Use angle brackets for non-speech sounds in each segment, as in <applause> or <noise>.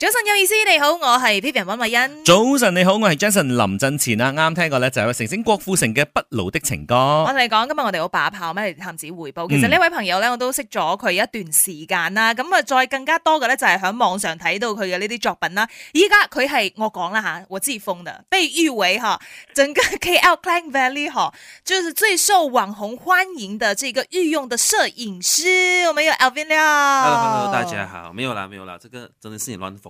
早晨有意思，你好，我係 Vivian 溫慧欣。早晨你好，我係 Jason 林振前啊！啱啱聽過咧就係城城郭富城嘅不老的情歌。我同你講今日我哋好把炮咩探子回報，其實呢位朋友咧我都識咗佢一段時間啦，咁、嗯、啊再更加多嘅咧就係喺網上睇到佢嘅呢啲作品啦。而家佢係我講啦吓，我自己封的，被譽為嗬，整個 KL Klang Valley 吓，就是最受網紅歡迎的這個御用的攝影師。我們有 Alvin Hello Hello 大家好，沒有啦沒有啦，這個真的是你亂封。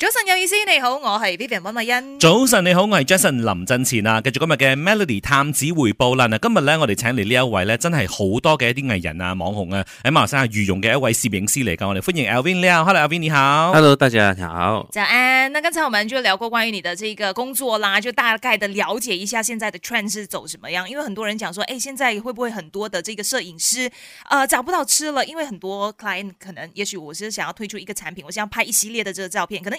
早晨有意思，你好，我係 Vivian 溫美欣。早晨你好，我係 Jason 林振前啊。繼續今日嘅 Melody 探子回報啦。今日咧，我哋請嚟呢一位咧，真係好多嘅一啲藝人啊、網紅啊，喺馬來西亞御用嘅一位攝影師嚟噶。我哋歡迎 Alvin，你好。Hello，Alvin 你好。Hello，大家好。早安！那剛才我們就聊過關於你的這個工作啦，就大概的了解一下現在的 trend 是走什麼樣。因為很多人講說，誒、欸，現在會不會很多的這個攝影師啊、呃、找不到吃了？因為很多 client 可能，也許我是想要推出一個產品，我想要拍一系列的這個照片，可能。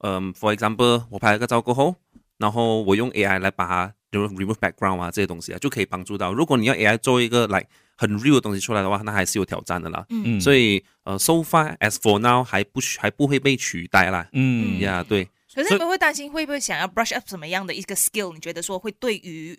嗯、um,，for example，我拍一個照過後，然後我用 AI 來把它 remove background 啊，這些東西啊，就可以幫助到。如果你要 AI 做一個 like 很 real 的東西出來的話，那還是有挑戰的啦。嗯。所以，呃、uh,，so far as for now，還不還不會被取代啦。嗯，呀、yeah,，對。可是你們會擔心，so, 會不會想要 brush up 什麼樣的一個 skill？你覺得說會對於？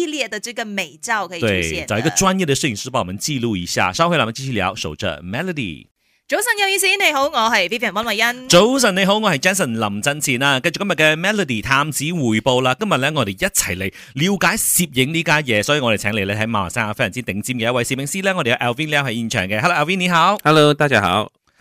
系列嘅這個美照可以出現，找、 <music> <music> 就是、一個專業嘅攝影師幫我們記錄一下。稍後我們繼續聊。守着 Melody，早晨，有意思，你好，我係 Vivian 溫慧欣。早晨，你好，我係 Jason 林振前啊。繼續今日嘅 Melody 探子回報啦。今日咧，我哋一齊嚟了解攝影呢家嘢，所以我哋請嚟咧喺馬來西亞非常之頂尖嘅一位攝影師咧，我哋有 Alvin 咧係現場嘅。Hello，Alvin 你好。Hello，大家好。